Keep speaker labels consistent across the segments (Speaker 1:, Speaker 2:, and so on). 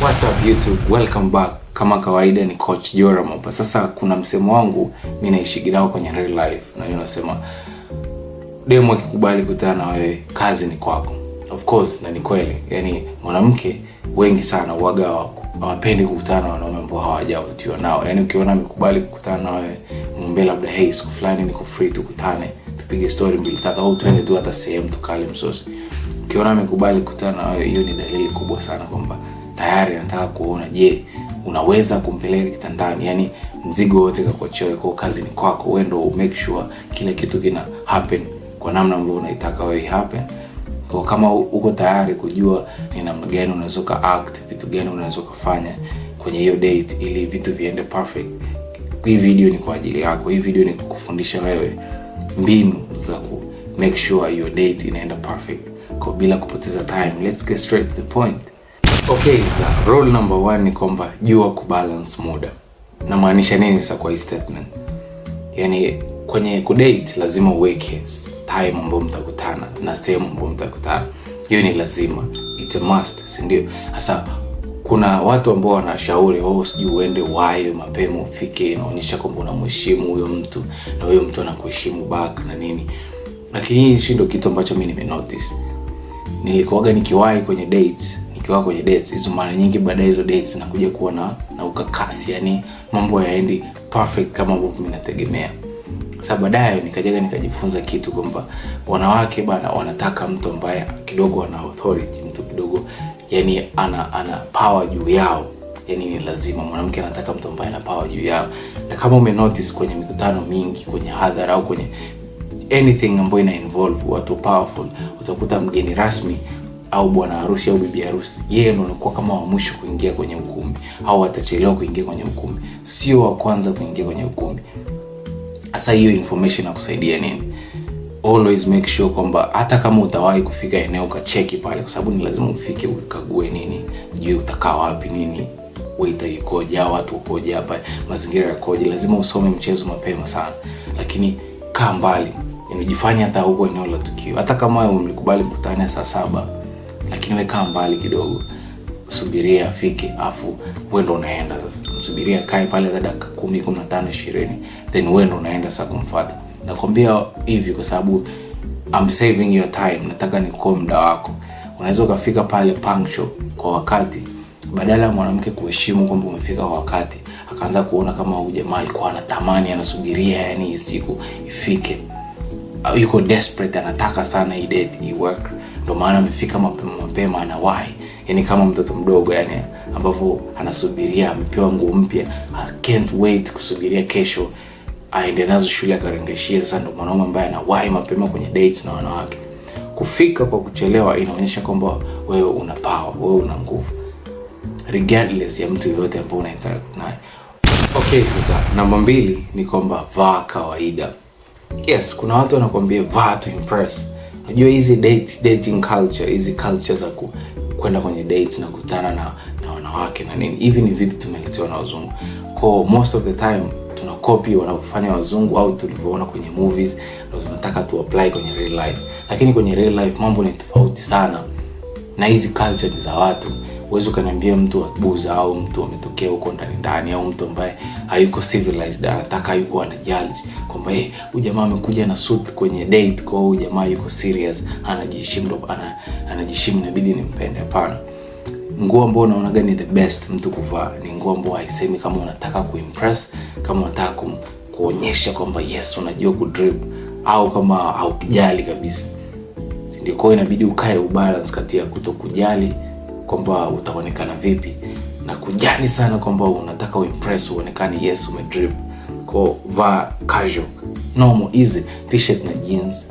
Speaker 1: What's up YouTube? Welcome back. Kama kawaida ni Coach Joram hapa. Sasa kuna msemo wangu mimi naishigi nao kwenye real life na unasema demu akikubali kutana na wewe kazi ni kwako. Of course na ni kweli. Yaani mwanamke wengi sana uaga hawapendi kukutana na wanaume ambao hawajavutiwa nao. Yaani ukiona amekubali kukutana na wewe, mwambie labda hey, siku fulani niko free tukutane, tupige story mbili tatu au twende tu hata sehemu tukale msosi. Ukiona amekubali kukutana na wewe, hiyo ni dalili kubwa sana kwamba tayari anataka kuona, je, unaweza kumpeleka kitandani? Yani mzigo wote kakuachiwa kwa kazi ni kwako, wewe ndio make sure kila kitu kina happen kwa namna ambayo unaitaka wewe happen. Kwa kama uko tayari kujua ni namna gani unaweza act, vitu gani unaweza kufanya kwenye hiyo date ili vitu viende perfect, hii video ni kwa ajili yako. Hii video ni kukufundisha wewe mbinu za ku make sure your date inaenda perfect kwa bila kupoteza time. Let's get straight to the point. Okay, sir. rule number one ni kwamba jua kubalance muda. Namaanisha nini sa kwa hii statement? Yaani kwenye kudate lazima uweke time ambayo mtakutana na sehemu ambayo mtakutana. Hiyo ni lazima, it's a must, si ndio? Sasa kuna watu ambao wanashauri wao, oh, sijui uende wayo mapema ufike, inaonyesha kwamba unamheshimu huyo mtu na huyo mtu anakuheshimu back na nini, lakini hii ndio kitu ambacho mimi nimenotice. Nilikuwaga nikiwahi kwenye dates ukiwa kwenye dates hizo, mara nyingi baada hizo dates zinakuja kuwa na na ukakasi, yani mambo hayaendi perfect kama ambavyo ninategemea. Sasa baadaye nikajaga nikajifunza kitu kwamba wanawake bana wanataka mtu ambaye kidogo ana authority, mtu kidogo yani ana ana power juu yao. Yani ni lazima mwanamke anataka mtu ambaye ana power juu yao, na kama ume notice kwenye mikutano mingi, kwenye hadhara au kwenye anything ambayo ina involve watu powerful, utakuta mgeni rasmi au bwana harusi au bibi harusi, yeye ndo anakuwa kama wa mwisho kuingia kwenye ukumbi, au atachelewa kuingia kwenye ukumbi, sio wa kwanza kuingia kwenye ukumbi. Sasa hiyo information inakusaidia nini? Always make sure kwamba hata kama utawahi kufika eneo ukacheki pale, kwa sababu ni lazima ufike ukague nini, ujue utakaa wapi nini, waiter ikoje au watu ukoje, hapa mazingira yakoje. Lazima usome mchezo mapema sana, lakini kaa mbali, inajifanya hata huko eneo la tukio, hata kama mlikubali mkutane saa saba lakini weka mbali kidogo, subiria afike, afu wewe ndo unaenda sasa. Msubiria kae pale za dakika kumi, kumi na tano, ishirini, then wewe ndo unaenda sasa kumfuata. Nakwambia hivi kwa sababu I'm saving your time, nataka nikoe muda wako. Unaweza ukafika pale punctual kwa wakati, badala ya mwanamke kuheshimu kwamba umefika kwa wakati, akaanza kuona kama huyu jamaa alikuwa anatamani, anasubiria yani siku ifike, yuko desperate, anataka sana hii date i work ndio maana amefika mapema mapema, anawahi yani kama mtoto mdogo yani, ambapo anasubiria amepewa nguo mpya, I can't wait kusubiria kesho aende nazo shule akarengeshie. Sasa ndo mwanaume ambaye anawahi mapema kwenye dates na wanawake. Kufika kwa kuchelewa inaonyesha kwamba wewe una power, wewe una nguvu, regardless ya mtu yoyote ambaye una interact naye. Okay, sasa namba mbili ni kwamba vaa kawaida. Yes, kuna watu wanakuambia vaa to impress Unajua hizi date, dating culture, hizi culture za ku, kwenda kwenye dates na kutana na, na wanawake na nini, hivi ni vitu tumeletewa na wazungu. Kwa most of the time tuna copy wanavyofanya wazungu au tulivyoona kwenye movies na tunataka tu apply kwenye real life, lakini kwenye real life mambo ni tofauti sana, na hizi culture ni za watu. Huwezi ukaniambia mtu wa Buza au mtu wa mwanamke huko ndani ndani, au mtu ambaye hayuko civilized, anataka yuko ana judge kwamba eh, huyu jamaa amekuja na suit kwenye date, kwa hiyo jamaa yuko serious, anajiheshimu, ana anajiheshimu, inabidi nimpende. Hapana, nguo ambayo unaona gani the best mtu kuvaa ni nguo ambayo haisemi kama unataka kuimpress, kama unataka ku, kuonyesha kwamba yes unajua ku drip au kama haukijali kabisa, si ndio? Kwa inabidi ukae ubalance kati ya kutokujali kwamba utaonekana vipi na kujali sana kwamba unataka uimpress uonekane, yes umedrip. Kwa vaa casual, normal, easy t-shirt na jeans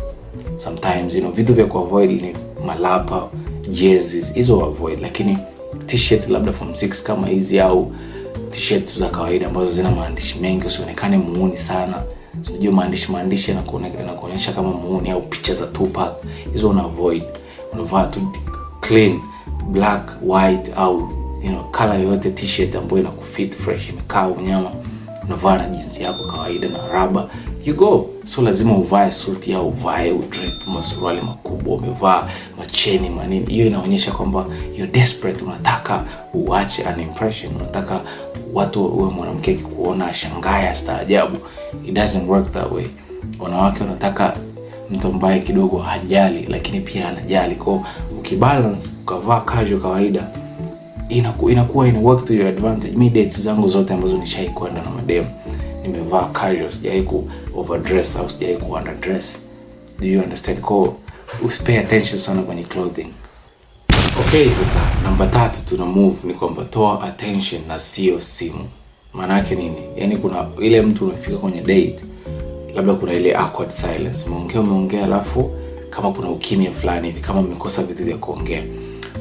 Speaker 1: sometimes, you know, vitu vya kuavoid ni malapa, jerseys hizo avoid, lakini t-shirt labda from 6 kama hizi au t-shirt za kawaida ambazo zina maandishi mengi, usionekane muuni sana. Unajua maandishi maandishi yanakuonyesha kama muuni au picha za Tupac, hizo una avoid. Unavaa tu clean black white au you know, kala yoyote t-shirt ambayo kufit fresh, imekaa unyama, unavaa na jinsi yako kawaida na raba you go. So lazima uvae suti au uvae udrip masuruali makubwa, umevaa macheni manini, hiyo inaonyesha kwamba you're desperate, unataka uache an impression, unataka watu uwe mwanamke kuona shangaya staajabu. It doesn't work that way. Wanawake wanataka mtu ambaye kidogo hajali, lakini pia anajali. Kwa ukibalance, ukavaa casual kawaida inaku, inakuwa ina work to your advantage. Mi dates zangu zote ambazo nishai kwenda na madem nimevaa casual, sijai ku overdress au sijai ku underdress. Do you understand? Ko usipay attention sana kwenye clothing. Okay, sasa namba tatu tuna move ni kwamba toa attention na sio simu. Maana yake nini? Yaani kuna ile mtu unafika kwenye date, labda kuna ile awkward silence, umeongea umeongea, alafu kama kuna ukimya fulani hivi, kama mmekosa vitu vya kuongea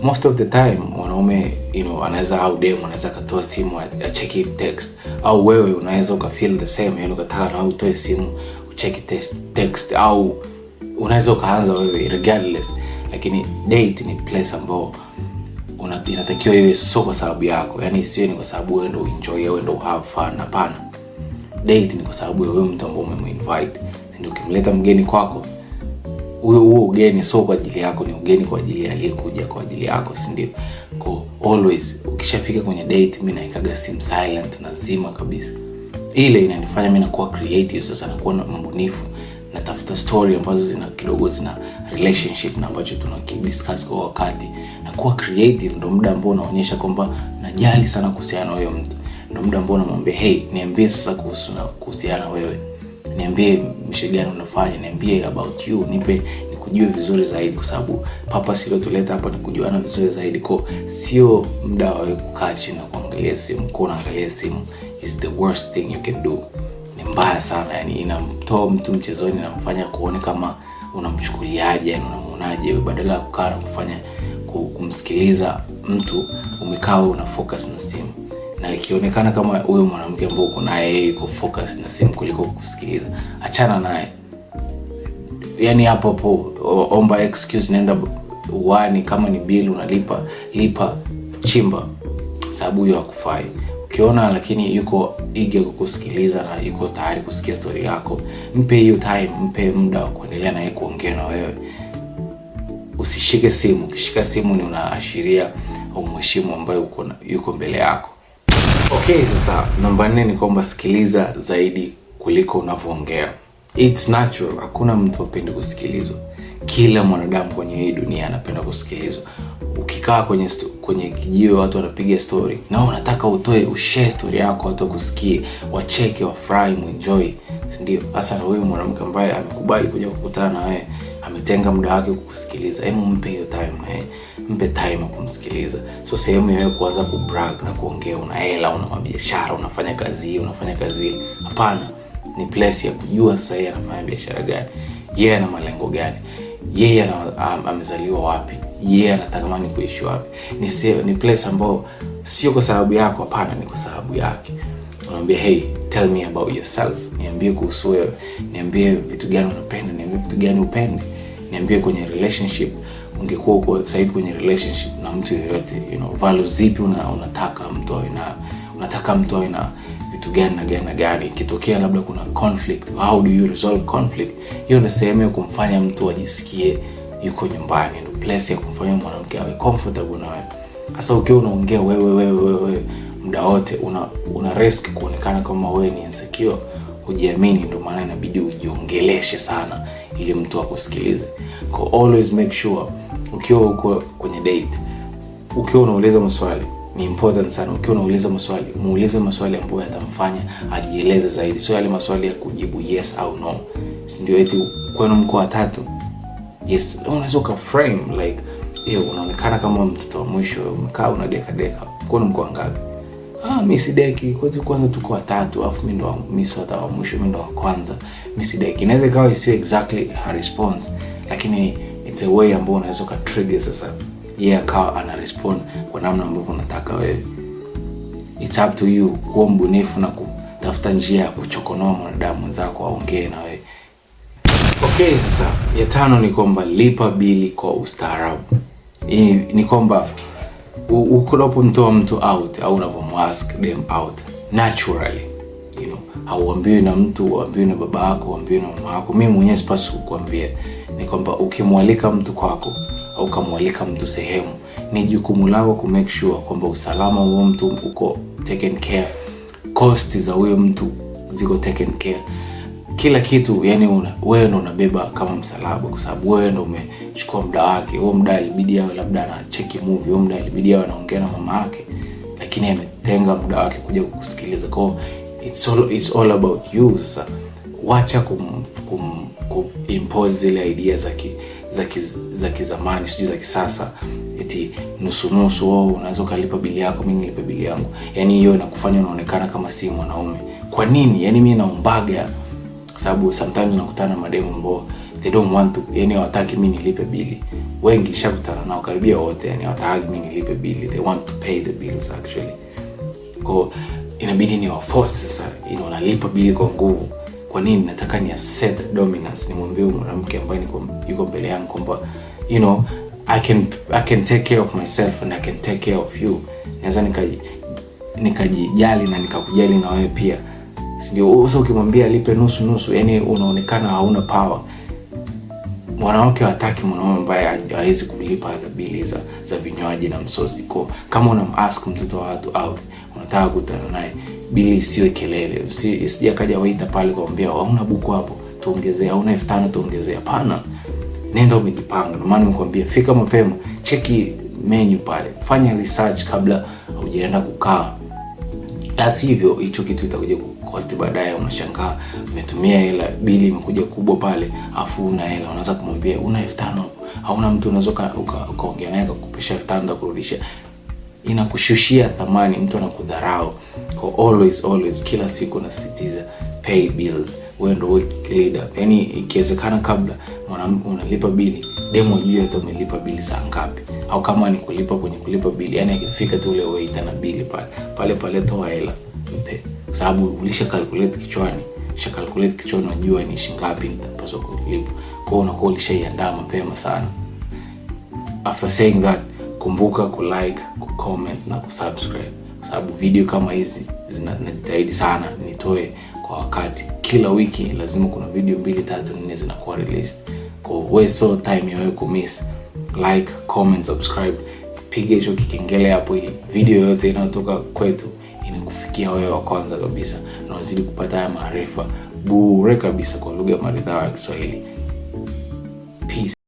Speaker 1: most of the time mwanaume you know, anaweza au dem anaweza akatoa simu acheki text, au wewe unaweza ukafeel the same, yani ukataka na utoe simu ucheki text, text au unaweza ukaanza wewe regardless, lakini date ni place ambao inatakiwa iwe so kwa sababu yako, yani sio ni kwa sababu wewe ndo enjoy wewe ndo have fun. Hapana, date ni kwa sababu wewe mtu ambao umemwinvite, ndio ukimleta mgeni kwako huo huo ugeni sio kwa ajili yako, ni ugeni kwa ajili ya aliyekuja kwa ajili yako, si ndio? Kwa always ukishafika kwenye date, mimi naikaga sim silent na zima kabisa. Ile inanifanya mimi nakuwa creative sasa, nakuwa mbunifu, natafuta story ambazo zina kidogo zina relationship na ambacho tunakidiscuss kwa wakati, nakuwa creative. Ndio muda ambao unaonyesha kwamba najali sana kuhusiana na huyo mtu, ndio muda ambao namwambia hey, niambie sasa kuhusu na kuhusiana wewe niambie mshe gani unafanya, niambie about you, nipe nikujue vizuri zaidi, kwa sababu purpose iliyotuleta hapa ni kujuana vizuri zaidi, kwa sio muda wa kukaa chini na kuangalia simu. Kwa unaangalia simu is the worst thing you can do, ni mbaya sana, yani inamtoa mtu mchezoni, namfanya kuone kama unamchukuliaje, yani unamuonaje, badala ya kukaa na kufanya kumsikiliza mtu, umekaa una focus na simu na ikionekana kama huyo mwanamke ambao uko naye yuko focus na simu kuliko kusikiliza, achana naye. Yani hapo hapo omba excuse, nenda uani, kama ni bill unalipa lipa, chimba, sababu hiyo hakufai. Ukiona lakini yuko eager kukusikiliza na yuko tayari kusikia story yako, mpe hiyo time, mpe muda wa kuendelea naye kuongea na wewe. Usishike simu, ukishika simu ni unaashiria umheshimu ambayo yuko mbele yako. Okay, sasa namba nne ni kwamba sikiliza zaidi kuliko unavyoongea. It's natural, hakuna mtu apende kusikilizwa. Kila mwanadamu kwenye hii dunia anapenda kusikilizwa. Ukikaa kwenye kwenye kijiwe, watu wanapiga story na unataka utoe ushare story yako, watu wakusikie, wacheke, wafurahi, muenjoy, si ndio? na huyu mwanamke ambaye amekubali kuja kukutana na wewe, ametenga muda wake kukusikiliza, hebu mpe hiyo time na yeye mpe time kumsikiliza. So sehemu ya wewe kuanza kubrag na kuongea una hela, una biashara, unafanya kazi hii, unafanya kazi hii, hapana. Ni place ya kujua sasa yeye anafanya biashara gani, yeye ana malengo gani, yeye amezaliwa wapi, yeye anatamani kuishi wapi. Ni sehemu, ni place ambayo sio kwa sababu yako, hapana, ni kwa sababu yake. Unamwambia hey, tell me about yourself, niambie kuhusu wewe, niambie vitu gani unapenda, niambie vitu gani upende, niambie kwenye relationship ungekuwa uko sasa kwenye relationship na mtu yoyote, you know, values zipi una, unataka mtu awe na unataka mtu awe na vitu gani na gani na gani. Ikitokea labda kuna conflict, how do you resolve conflict? Hiyo ni sehemu ya kumfanya mtu ajisikie yuko nyumbani, ndio place ya kumfanya mwanamke awe comfortable na wewe. Sasa ukiwa unaongea wewe wewe wewe muda wote, una una risk kuonekana kama wewe ni insecure, hujiamini. Ndio maana inabidi ujiongeleshe sana ili mtu akusikilize. Always make sure ukiwa uko kwenye date, ukiwa unauliza maswali ni important sana. Ukiwa unauliza maswali, muulize maswali ambayo yatamfanya ajieleze zaidi, sio yale maswali ya kujibu yes au no, si ndio? Eti kwenu mko watatu, yes. Unaweza uka frame like eh, unaonekana kama mtoto wa mwisho, umekaa una deka deka. Kwenu mko wangapi? Ah, mimi si deki, kwa kwanza tuko watatu, afu mimi ndo mimi wa mwisho, mimi ndo wa kwanza, mimi si deki. Inaweza ikawa isiyo exactly a response, lakini it's a way ambao unaweza ukatrigger sasa yeye yeah, akawa ana respond kwa namna ambavyo unataka wewe. It's up to you kuwa mbunifu na kutafuta njia ya kuchokonoa mwanadamu mwenzako aongee na wewe. Okay, sasa ya tano ni kwamba lipa bili kwa ustaarabu. Hii ni kwamba unapomtoa mtu out au unapomwask them out naturally, you know, hauambiwi na mtu, uambiwi na baba yako, uambiwi na mama yako. Mimi mwenyewe sipaswi kukuambia ni kwamba ukimwalika mtu kwako au ukamwalika mtu sehemu, ni jukumu lako ku make sure kwamba usalama wa mtu uko taken care, cost za huyo mtu ziko taken care, kila kitu yani wewe ndo unabeba kama msalaba, kwa sababu wewe ndo umechukua muda wake. Huo muda alibidi awe labda anacheki movie, huo muda alibidi awe anaongea na mama yake, lakini ametenga muda wake kuja kukusikiliza. Kwa it's all, it's all about you sasa wacha kum, kum, kum impose zile idea za ki, za ki, za kizamani sijui za kisasa eti nusu nusu, wao oh, unaweza ukalipa bili yako, mimi nilipe bili yangu. Yani hiyo inakufanya unaonekana kama si mwanaume. Kwa nini? Yani mimi naumbaga, sababu sometimes nakutana na mademu ambao they don't want to, yani hawataki mimi nilipe bili. Wengi shakutana nao, karibia wote, yani hawataki mimi nilipe bili, they want to pay the bills actually, kwa inabidi ni waforce sasa, ina yaani unalipa bili kwa nguvu kwa nini nataka ni assert dominance, nimwambie mwanamke ambaye yuko mbele yangu kwamba you know I can I can take care of myself and I can take care of you. Naweza nikajijali nika na nikakujali na wewe pia, si Sasa ukimwambia alipe nusu nusu, yani unaonekana hauna power. mwanawake wataki mwanaume ambaye awezi kulipa hata bili za, za vinywaji na msosi. Kwa kama unamask mtoto wa watu au unataka kutana naye bili isiwe kelele, sija kaja waita pale kuambia hauna buku hapo, tuongezee hauna elfu tano tuongezea. Hapana, nenda umejipanga. Ndio maana nimekwambia fika mapema, cheki menu pale, fanya research kabla hujaenda kukaa, la sivyo hicho kitu itakuja kukosti baadaye. Unashangaa umetumia hela, bili imekuja kubwa pale, afu una hela, unaweza kumwambia una elfu tano hauna mtu, unaweza ukaongea naye akakupisha elfu tano kurudisha inakushushia thamani, mtu anakudharau. Kwa always always, kila siku nasisitiza pay bills, wewe ndio leader. Yani ikiwezekana, kabla mwanamke unalipa bili, demo juu hata umelipa bili saa ngapi, au kama ni kulipa kwenye kulipa bili, yani akifika tu ule waiter na bili pale pale pale, toa hela mpe, kwa sababu ulisha calculate kichwani sha calculate kichwani, unajua ni shingapi nitapaswa kulipa. Kwa hiyo unakuwa ulishaiandaa mapema sana. After saying that kumbuka kulike, kucomment na kusubscribe, kwa sababu video kama hizi zinajitahidi sana nitoe kwa wakati. Kila wiki lazima kuna video mbili tatu nne zinakuwa released, kwa hiyo so time ya kumiss. Like, comment, subscribe, piga hicho kikengele hapo, ili video yoyote inayotoka kwetu inakufikia wewe wa kwanza kabisa, na wazidi kupata haya maarifa bure kabisa kwa lugha maridhawa ya Kiswahili.